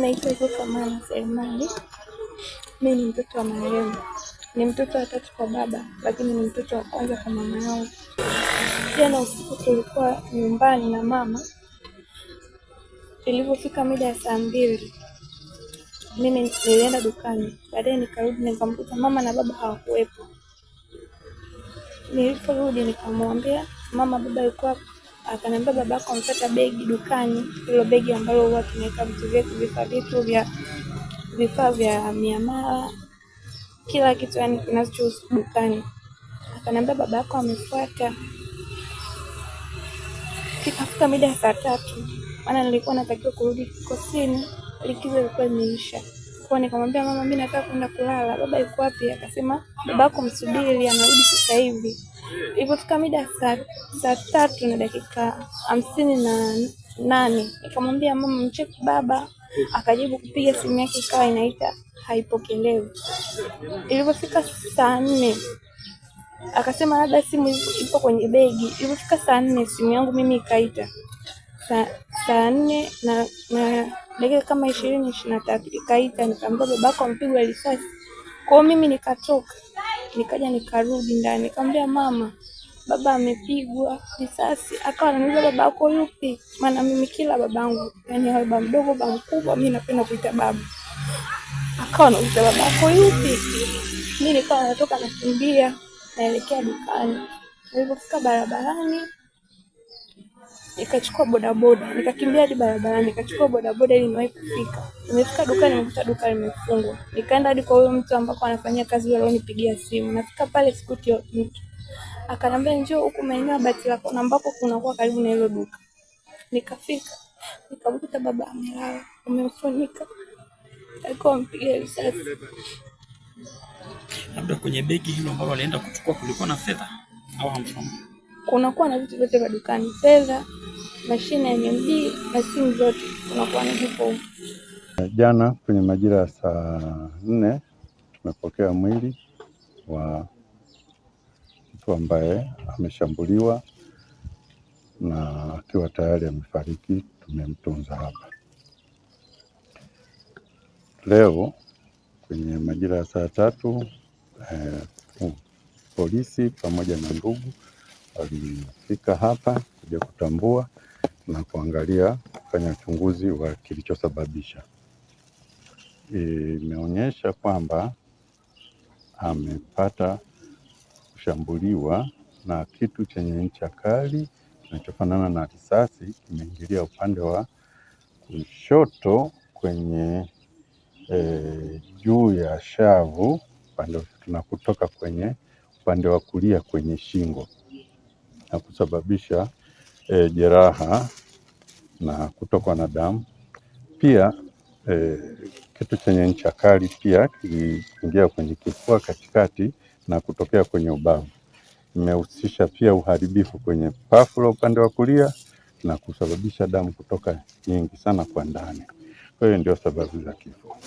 Naitwa Zulfa Mama Selemani. Mi ni mtoto wa marehemu, ni mtoto wa tatu kwa baba, lakini ni mtoto wa kwanza kwa mama yangu. Jana usiku tulikuwa nyumbani na mama, ilivyofika mida ya saa mbili mimi nilienda dukani, baadaye nikarudi nikamkuta mama na baba hawakuwepo. Niliporudi nikamwambia mama, baba yuko akaniambia babako amepata begi dukani, hilo begi ambalo huwa tunaweka vitu vyetu, vifaa vyetu vya vifaa vya miamala, kila kitu yani kinachohusu dukani. Akaniambia babako amefuata. Ikafika mida ya saa tatu, maana nilikuwa natakiwa kurudi kikosini, likizo ilikuwa imeisha kwa nikamwambia mama, mimi nataka kwenda kulala. Baba yuko wapi? Akasema babako msubiri, anarudi sasa hivi. Ilipofika mida saa tatu na dakika hamsini na nane nikamwambia mama, mcheki baba akajibu kupiga simu yake ikawa inaita haipokelewi. Ilipofika saa nne akasema labda simu ipo kwenye begi. Ilipofika saa nne simu yangu mimi ikaita saa saa nne na, na dakika kama ishirini ishirini na tatu ikaita, nikaambia babako amepigwa risasi. Kwao mimi nikatoka Nikaja nikarudi ndani, nikamwambia mama, baba amepigwa risasi. Akawa ananiuliza baba yako yupi? Maana mimi kila babangu, yani awe baba mdogo, baba mkubwa, mimi napenda kuita baba. Akawa anauliza baba yako yupi? Mimi nikawa natoka nakimbia naelekea dukani. Nilipofika barabarani nikachukua bodaboda, nikakimbia hadi barabarani, nikachukua bodaboda ili niwahi kufika. Nimefika dukani, nimekuta duka limefungwa. Nikaenda hadi kwa huyo mtu ambako anafanyia kazi, yule alionipigia simu. Nafika pale sikuti mtu, akanambia njoo huku maeneo ya Batilako ambako kunakuwa karibu na hilo duka. Nikafika nikamkuta baba amelala, amemfunika, alikuwa ampiga risasi. Labda kwenye begi hilo ambalo alienda kuchukua kulikuwa na fedha au hamfahamu? Kunakuwa na vitu vyote vya dukani, fedha mashine ya MMD na simu zote na hipo. Jana kwenye majira ya saa nne tumepokea mwili wa mtu ambaye ameshambuliwa na akiwa tayari amefariki, tumemtunza hapa. Leo kwenye majira ya saa tatu eh, uh, polisi pamoja na ndugu walifika hapa kuja kutambua na kuangalia kufanya uchunguzi wa kilichosababisha. Imeonyesha kwamba amepata kushambuliwa na kitu chenye ncha kali kinachofanana na risasi, kimeingilia upande wa kushoto kwenye e, juu ya shavu upande na kutoka kwenye upande wa kulia kwenye shingo na kusababisha e, jeraha na kutokwa na damu. Pia e, kitu chenye ncha kali pia kiliingia kwenye kifua katikati na kutokea kwenye ubavu. Imehusisha pia uharibifu kwenye pafu la upande wa kulia na kusababisha damu kutoka nyingi sana kwa ndani. Kwa hiyo ndio sababu za kifo.